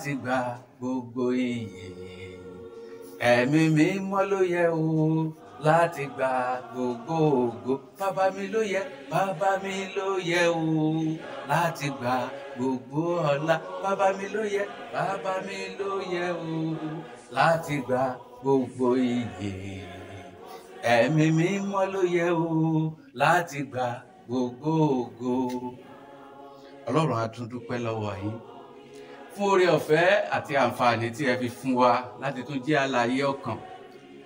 láti gba gbogbo iyè ẹ̀mí mímọ́ ló yẹ o láti gba gbogbo ògo bàbá mi ló yẹ bàbá mi ló yẹ o láti gba gbogbo ọlá bàbá mi ló yẹ bàbá mi ló yẹ o láti gba gbogbo iyè ẹ̀mí mímọ́ ló yẹ o láti gba gbogbo ògo ọlọ́run á tún dúpẹ́ lọ́wọ́ yín fún oore ọ̀fẹ́ àti àǹfààní tí ẹ fi fún wa láti tún jẹ́ àlàyé ọkàn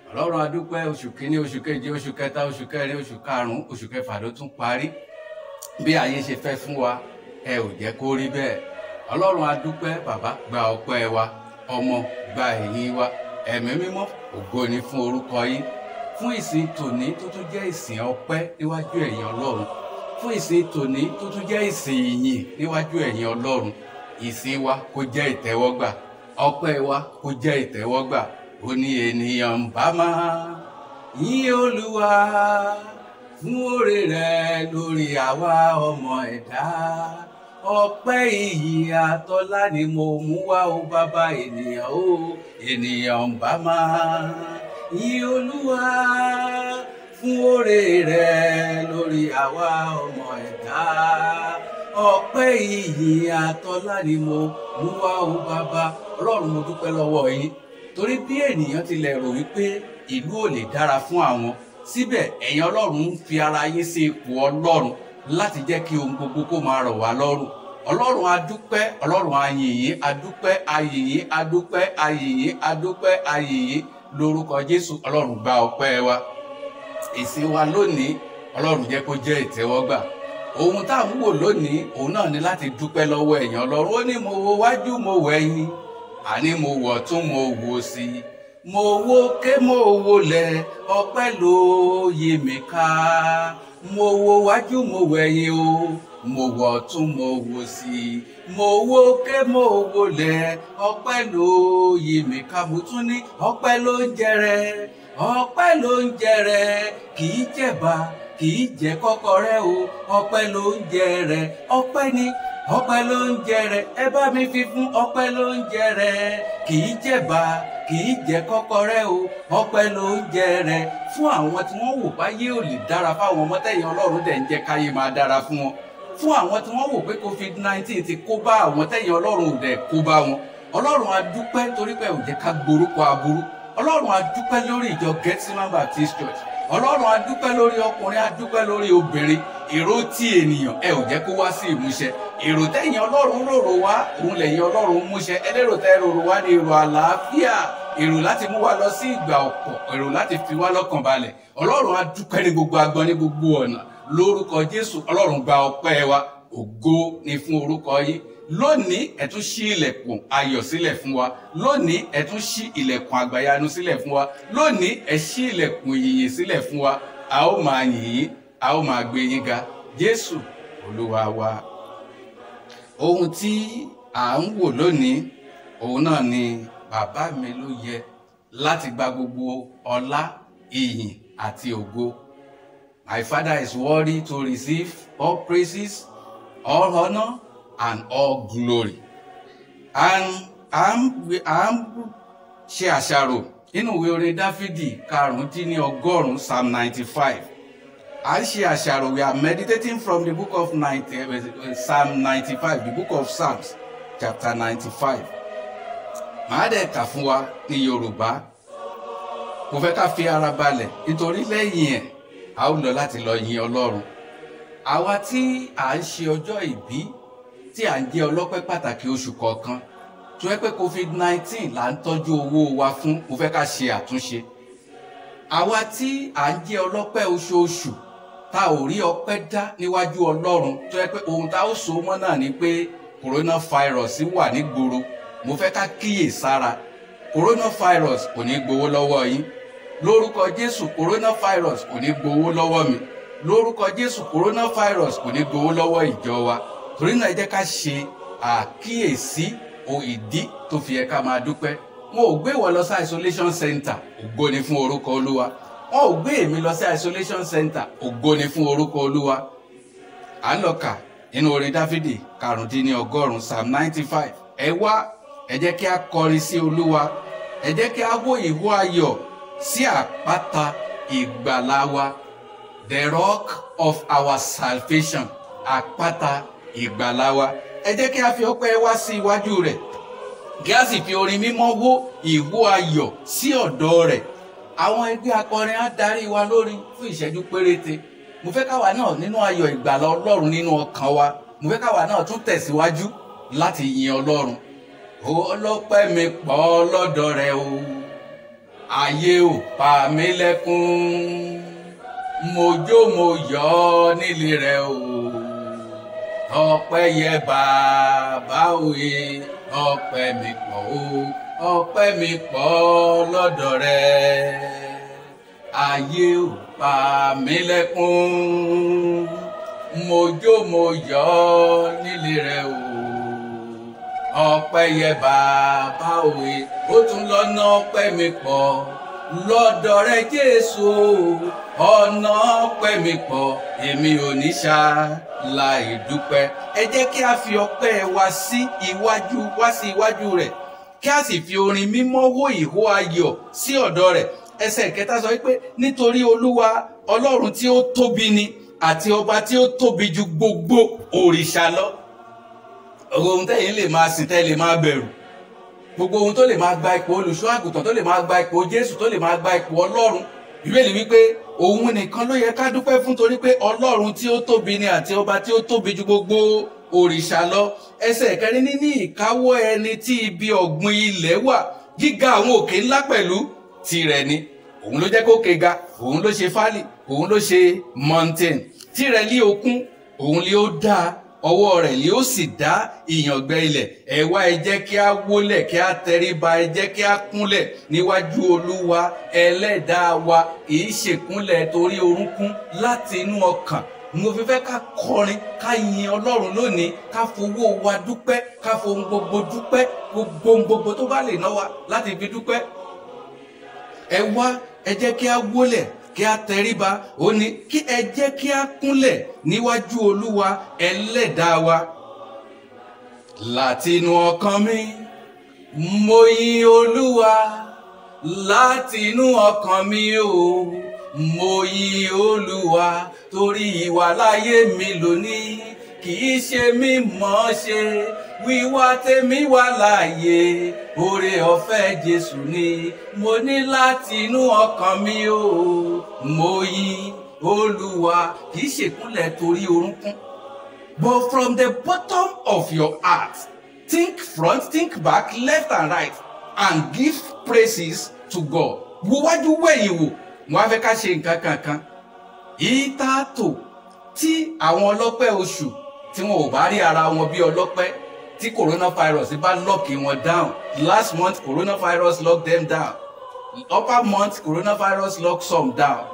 ọlọ́run adúpẹ́ oṣù kínní oṣù keje oṣù kẹta oṣù kẹrin oṣù karùn-ún oṣù kẹfà ló tún parí bí ayé ṣe fẹ́ fún wa ẹ ò jẹ́ kó rí bẹ́ẹ̀ ọlọ́run adúpẹ́ bàbá gba ọpẹ́ wa ọmọ gba ẹ̀yìn wa ẹ̀mí mímọ́ ògo ni fún orúkọ yín fún ìsìn tòní tó tún jẹ́ ìsìn ọpẹ́ níwájú ẹ̀yin ọlọ́run fún ìsìn tòní tó tún jẹ́ ìsìn ìyìn níwájú ẹ̀yin ọlọ́run ìsìn wa kó jẹ́ ìtẹ́wọ́gbà ọpẹ́ wa kó jẹ́ ìtẹ́wọ́gbà ó ní ènìyàn bá máa yìn olúwa fún oore rẹ̀ lórí àwa ọmọ ẹ̀dá ọpẹ́ ìyì àtọlá ni mo mú wá o bàbá ènìyàn o ènìyàn bá máa yìn olúwa fún oore rẹ̀ lórí àwa ọmọ ẹ̀dá. ọpẹ́ ìyìn àtọlá ni mo mú wá o bàbá ọlọ́run mo dúpẹ́ lọ́wọ́ yín torí bí ènìyàn ti rò wípé ìlú ò lè dára fún àwọn síbẹ̀ ẹ̀yin ọlọ́run ń fi ara yín sí ipò ọlọ́run láti jẹ́ kí ohun gbogbo kó máa rọ̀ wá lọ́rùn ọlọ́run adúpẹ́ ọlọ́run ayìnyín adúpẹ́ ayìnyín adúpẹ́ ayìnyín ohun tá à ń wò lónìí òun náà ni láti dúpẹ́ lọ́wọ́ ẹ̀yàn ọlọ́run ó ní mo wo wájú mo wo ẹ̀yìn àní mo wọ̀ tún mo wo sí i mo wo ké mo wo lẹ̀ ọpẹ́ ló yí mi ká mo wo wájú mo wo ẹ̀yìn o mo wọ̀ tún mo wo sí i mo wo ké mo wo lẹ̀ ọpẹ́ ló yí mi ká mo tún ní ọpẹ́ ló ń jẹrẹ ọpẹ́ ló ń jẹrẹ kì í jẹ̀ba kì í jẹ kọkọ rẹ o ọpẹ́ ló ń jẹ rẹ ọpẹ́ ni ọpẹ́ ló ń jẹ rẹ ẹ bá mi fi fún ọpẹ́ ló ń jẹ rẹ kì í jẹba kì í jẹ kọkọ rẹ o ọpẹ́ ló ń jẹ rẹ fún àwọn tí wọn wò báyé ò lè dára fáwọn ọmọ tẹ̀yìn Ọlọ́run ń jẹ káyé máa dára fún wọn fún àwọn tí wọ́n wò pé covid nineteen ti kó bá àwọn tẹ̀yìn ọlọ́run ò dẹ̀ kó bá wọn ọlọ́run a dúpẹ́ torí pé ò jẹ́ ká gborúkọ aburú ọlọ́run a lórí ìjọ Gethsemane Baptist Church ọlọ́run adúpẹ́ lórí ọkùnrin adúpẹ́ lórí obìnrin èrò tí ènìyàn ẹ ò jẹ́ kó wá sí ìmúṣẹ èrò tẹ̀yìn ọlọ́run rorò wá òun lẹ̀yìn ọlọ́run múṣẹ ẹlẹ́rò tẹ́ rorò wá ní èrò àlàáfíà èrò láti mú wa lọ sí ìgbà ọ̀pọ̀ èrò láti fi wá lọ́kàn balẹ̀ ọlọ́run adúpẹ́ ní gbogbo agbọ́n ní gbogbo ọ̀nà lórúkọ jésù ọlọ́run gba ọpẹ́ wa ògo ni fún orúkọ yín lónìí ẹ tún ṣí ilẹ̀kùn ayọ̀ sílẹ̀ fún wa lónìí ẹ tún ṣí ilẹ̀kùn àgbàyanu sílẹ̀ fún wa lónìí ẹ ṣí ilẹ̀kùn ìyìnyín sílẹ̀ fún wa a ó máa yìn a ó máa gbé yín ga Jésù Olúwa wa ohun tí à ń wò lónìí òun náà ni bàbá mi ló yẹ láti gba gbogbo ọlá ìyìn àti ògo my father is worthy to receive all praises all honour and all glory. And à ń ṣe àṣàrò nínú ìwé orin Dáfídì karùn-ún dín ní ọgọ́rùn-ún Psalm ninety-five. À ń ṣe àṣàrò we are meditating from the book of 90, eh, Psalm ninety-five the book of Psalms chapter ninety-five. Màá dẹ̀ kà fún wa ní Yorùbá. Mo fẹ́ ká fi ara balẹ̀ nítorí lẹ́yìn ẹ̀ a ó lọ láti lọ yin Ọlọ́run. Àwa tí à ń ṣe ọjọ́ ìbí tí à ń jẹ́ ọlọ́pẹ́ pàtàkì oṣù kọ̀ọ̀kan tó yẹ pé covid nineteen là ń tọ́jú owó wa fún mo fẹ́ ká ṣe àtúnṣe àwa tí à ń jẹ́ ọlọ́pẹ́ oṣooṣù ta ò rí ọpẹ́ dá níwájú ọlọ́run tó yẹ pé ohun tá ó so mọ́ náà ni pé coronavirus wà nígboro mo fẹ́ ká kíyè sára coronavirus kò ní gbowó lọ́wọ́ yín lórúkọ jésù coronavirus kò ní gbowó lọ́wọ́ mi lórúkọ jésù coronavirus kò ní gbowó lọ́wọ́ ìjọ wa torí náà ẹ jẹ́ ká ṣe àkíyèsí o ìdí tó fi yẹ ká máa dúpẹ́ wọn ò gbé ìwọ lọ sí isolation center ògo ni fún orúkọ olúwa wọn ò gbé èmi lọ sí isolation center ògo ni fún orúkọ olúwa à ń lọ kà nínú orin dáfídì karùndínlọ́gọ́rùn psalm ninety five ẹ wá ẹ jẹ́ kí a kọrin sí olúwa ẹ jẹ́ kí a wó ìwó ayọ̀ sí àpáta ìgbàlà the rock of our salvation àpáta ìgbàlà wa ẹ jẹ́ kí a fi ọpẹ́ wa sí iwájú rẹ̀ kí a sì fi orin mímọ́ wó ìwó ayọ̀ sí ọ̀dọ̀ rẹ̀ àwọn ẹgbẹ́ akọrin á darí wa lórí fún ìṣẹ́jú péréte mo fẹ́ káwa náà nínú ayọ̀ ìgbàlà ọlọ́run nínú ọkàn wa mo fẹ́ káwa náà tún tẹ̀síwájú láti yin ọlọ́run ọlọ́pẹ́ mi pọ̀ lọ́dọ̀ rẹ̀ o ayé ò pa mí lẹ́kún mojó mo yọ̀ nílé rẹ̀ o ọpẹ́ yẹ bàbá òye ọpẹ́ mi pọ̀ o ọpẹ́ mi pọ̀ lọ́dọ̀ rẹ ayé ò pa mí lẹ́kún mo jó mo yọ̀ nílé rẹ o ọpẹ́ yẹ bàbá òye ó tún lọ́nà ọpẹ́ mi pọ̀ lọ́dọ̀ rẹ jésù ọ̀nà pẹ̀mí pọ̀ èmi ò ní ṣàlàyé dúpẹ́. ẹ jẹ́ kí a fi ọpẹ́ wa sí iwájú wá sí iwájú rẹ̀ kí a sì fi orin mímọ́ wó ìhó ayọ̀ sí ọ̀dọ̀ rẹ̀ ẹsẹ̀ kẹta sọ wípé nítorí olúwa ọlọ́run tí ó tóbi ni àti ọba tí ó tóbi ju gbogbo òrìṣà lọ. ohun tẹ́yìn lè máa sìn tẹ́ lè máa bẹ̀rù gbogbo ohun tó lè máa gba ipò olùṣọ́ àgùntàn tó lè máa gba ipò jésù tó lè máa gba ipò ọlọ́run ìbéèrè wípé òun nìkan ló yẹ ká dúpẹ́ fún torí pé ọlọ́run tí ó tóbi ni àti ọba tí ó tóbi ju gbogbo òrìṣà lọ ẹsẹ̀ kẹrin níní ìkáwọ́ ẹni tí ibi ọ̀gbìn ilẹ̀ wà gíga àwọn òkè ńlá pẹ̀lú tirẹ̀ ni òun ló jẹ́ kó ke ga òun ló ṣe fálì òun ló ṣe mountain tirẹ̀ lé okun òun lé ó dáa ọwọ́ rẹ̀ yóò sì dá ìyàngbẹ ilẹ̀ ẹ wá ẹ jẹ́ kí a wólẹ̀ kí a tẹríba ẹ kí a kúnlẹ̀ níwájú olúwa ẹlẹ́dàá wa kì í ṣèkúnlẹ̀ torí orúnkún láti inú ọkàn mo fi fẹ́ ká kọrin ká yin ọlọ́run lónìí ká fowó wa dúpẹ́ ká fohun gbogbo dúpẹ́ gbogbo gbogbo tó bá lè ná láti fi dúpẹ́ ẹ wá kí a wólẹ̀ kí a tẹríba ó ní kí ẹ jẹ́ kí a kúnlẹ̀ níwájú olúwa ẹlẹ́dàá wa. látinú ọkàn mi mo yin olúwa látinú ọkàn mi o mo yin olúwa torí ìwà láyé mi lónìí kì í ṣe mímọ̀ ṣe wíwá tèmi wà láàyè oore ọ̀fẹ́ Jésù ni mo ní láti inú ọkàn mi o mo yìn Olúwa kì í ṣèkúnlẹ̀ torí orúnkún but from the bottom of your heart think front think back left and right and give praises to God wo wájú wẹ̀yìn wò wọ́n á fẹ́ ká ṣe nǹkan kankan ìtàtò tí àwọn ọlọ́pẹ́ oṣù tí wọn ò bá rí ara wọn bí ọlọ́pẹ́ tí coronavirus bá lock wọn down last month coronavirus lock them down upper month coronavirus lock some down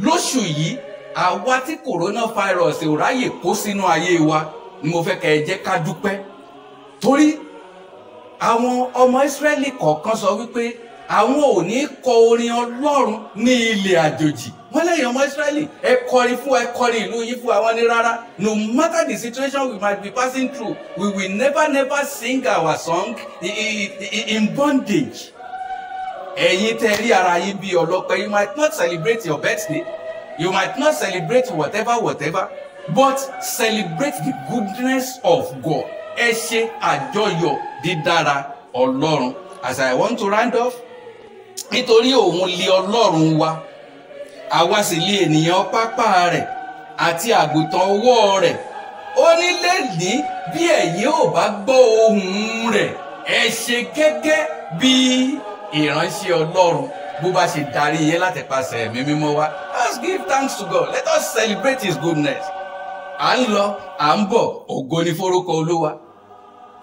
lóṣù yìí àwa tí coronavirus ò ráyè kó sínú ayé wa ni mo fẹ́ kẹ́ ẹ jẹ́ ká dúpẹ́ torí àwọn ọmọ Ísírẹ́lì kọ̀ọ̀kan sọ wípé àwọn ò ní kọ orin Ọlọ́run ní ilẹ̀ àjòjì wọ́n lẹ́yìn ọmọ Ísírẹ́lì ẹ kọrin fún ẹ kọrin ìlú yín fún àwọn ní rárá no matter the situation we might be passing through we will never never sing our song in bondage ẹ̀yin tẹ́ rí ara yín bí ọlọ́pẹ́ you might not celebrate your birthday you might not celebrate whatever whatever but celebrate the goodness of God ẹ ṣe àjọyọ̀ dídára Ọlọ́run as I want to round off nítorí òun lé Ọlọ́run wa àwa sì li ènìyàn pápá rẹ̀ àti àgùntàn ọwọ́ rẹ̀ ó ní bí ẹ̀yin ò bá gbọ́ ohùn rẹ̀ ẹ ṣe gẹ́gẹ́ bí ìránṣẹ́ ọlọ́run bó bá ṣe darí yẹn láti pàṣẹ ẹ̀mí mímọ́ wá let's give thanks to God let us celebrate his goodness à ń lọ à ń bọ̀ ògo ni forúkọ olúwa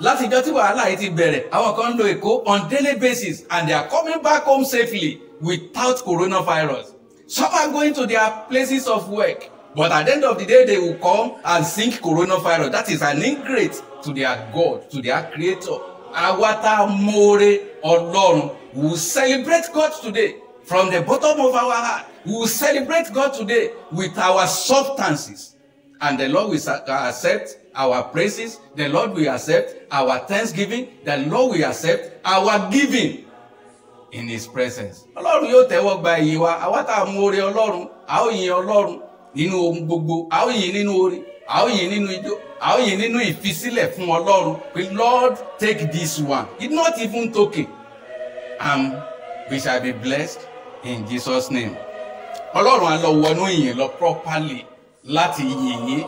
látijọ́ tí wàhálà yìí ti bẹ̀rẹ̀ àwọn kan ń lọ èkó on daily basis and they are coming back home safely without coronavirus Some are going to their places of work. But at the end of the day, they will come and sing coronavirus. That is an ingrate to their God, to their creator. Awata More Olorun. We will celebrate God today from the bottom of our heart. We will celebrate God today with our substances. And the Lord will uh, accept our praises. The Lord will accept our thanksgiving. The Lord will accept our giving in his presence. ọlọ́run yóò tẹ́wọ́ gba èyí wa àwa tá a mú oore ọlọ́run a ó yin ọlọ́run nínú ohun gbogbo a ó yin nínú oore a ó yin nínú ijó a ó yin nínú ìfisílẹ̀ fún ọlọ́run pé lord take this one it's not even token and we shall be blessed in jesus name. ọlọ́run á lọ wọnú ìyìn lọ properly láti yìn yín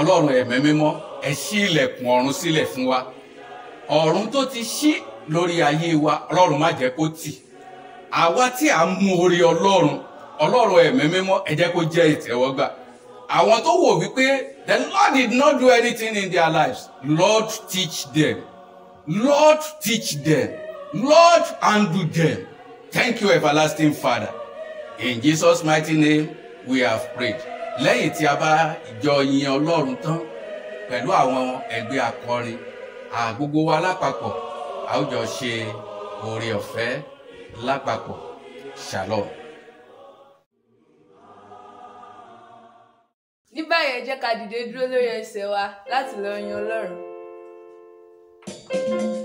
ọlọ́run ẹ̀mẹ́ mímọ́ ẹ ṣí ilẹ̀kùn ọ̀run sílẹ̀ fún wa ọ̀run tó ti ṣí lórí ayé wa ọlọ́run má jẹ́ kó tì àwa tí à ń mú orí ọlọ́run ọlọ́run ẹ̀mí mímọ́ ẹ jẹ́ kó jẹ́ ìtẹ́wọ́gbà àwọn tó wò wípé the Lord did not do anything in their lives Lord teach them Lord teach them Lord handle them thank you everlasting Father in Jesus mighty name we have prayed lẹ́yìn tí a bá ìjọ yin ọlọ́run tán pẹ̀lú àwọn ẹgbẹ́ akọrin àgbogbo wa lápapọ̀ a ó jọ ṣe oore ọ̀fẹ́ lápapọ̀ shalom. ní báyìí ẹ jẹ́ ká dìde dúró lórí ẹsẹ̀ wa láti lọ yin Ọlọ́run. thank you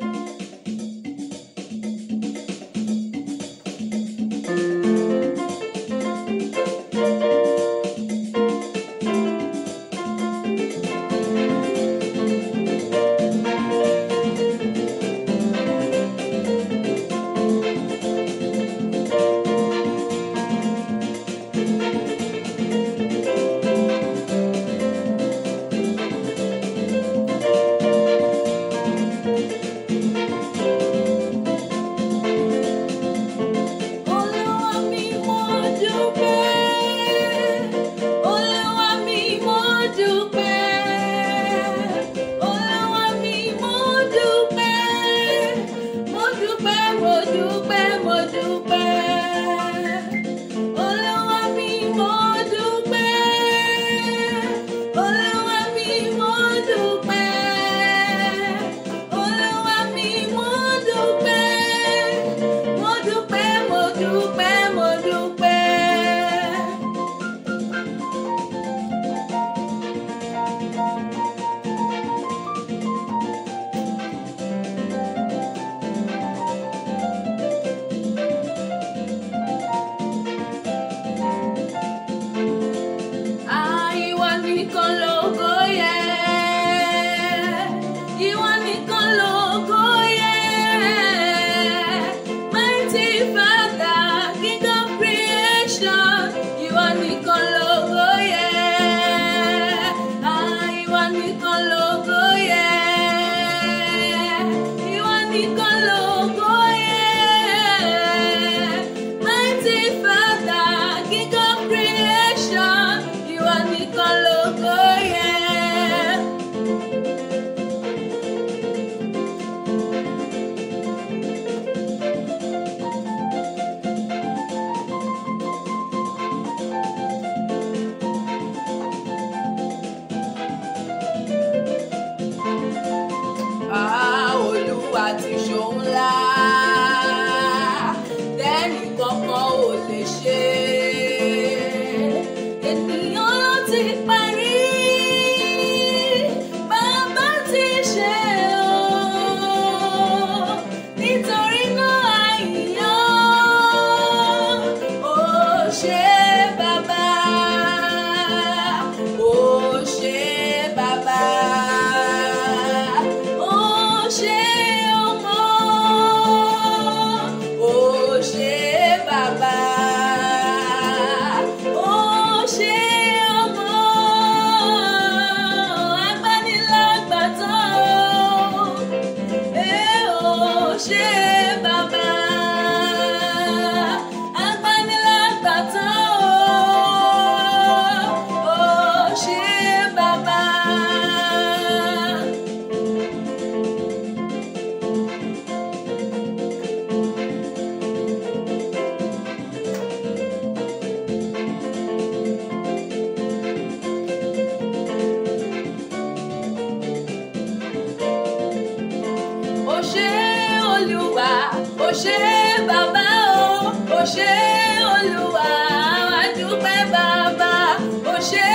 ṣé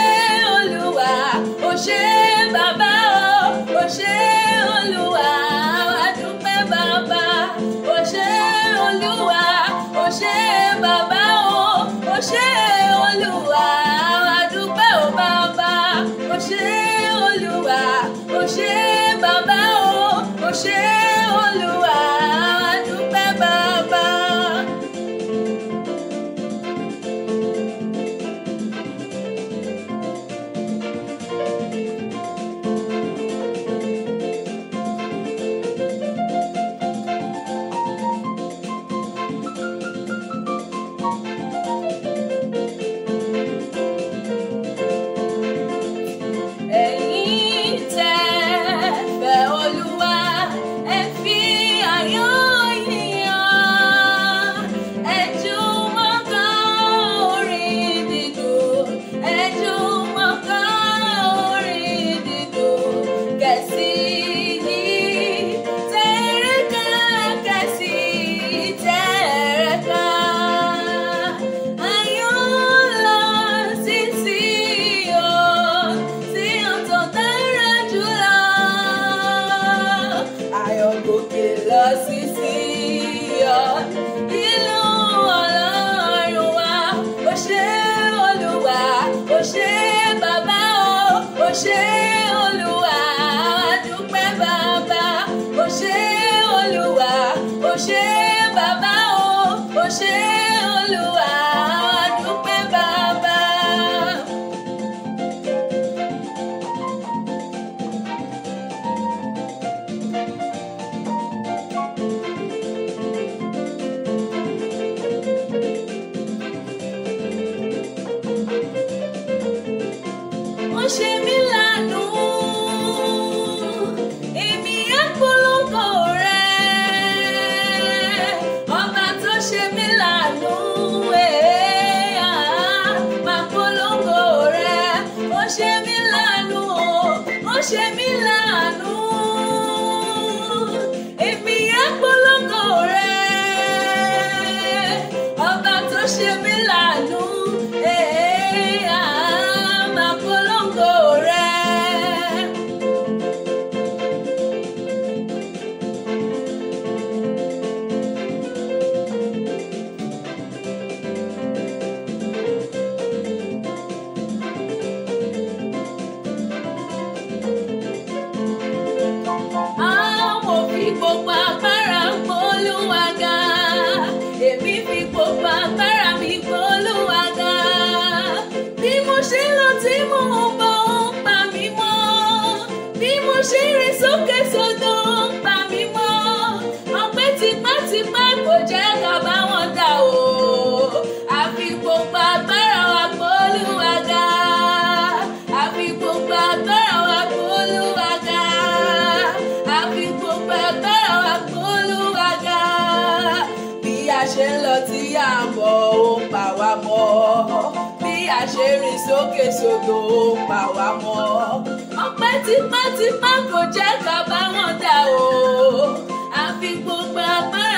olúwa o ṣé bàbá o o ṣé olúwa a dúpẹ́ bàbá o ṣé olúwa o ṣé bàbá o o ṣé olúwa a dúpẹ́ o bàbá o ṣé olúwa o ṣé bàbá o o ṣé. ṣé bàbá o o ṣé olúwa. Shemi. rìn sókè sódò ó pa wá mọ́. ọpẹ́ tipátipá kò jẹ́ ká bá wọn dà o àfi gbogbo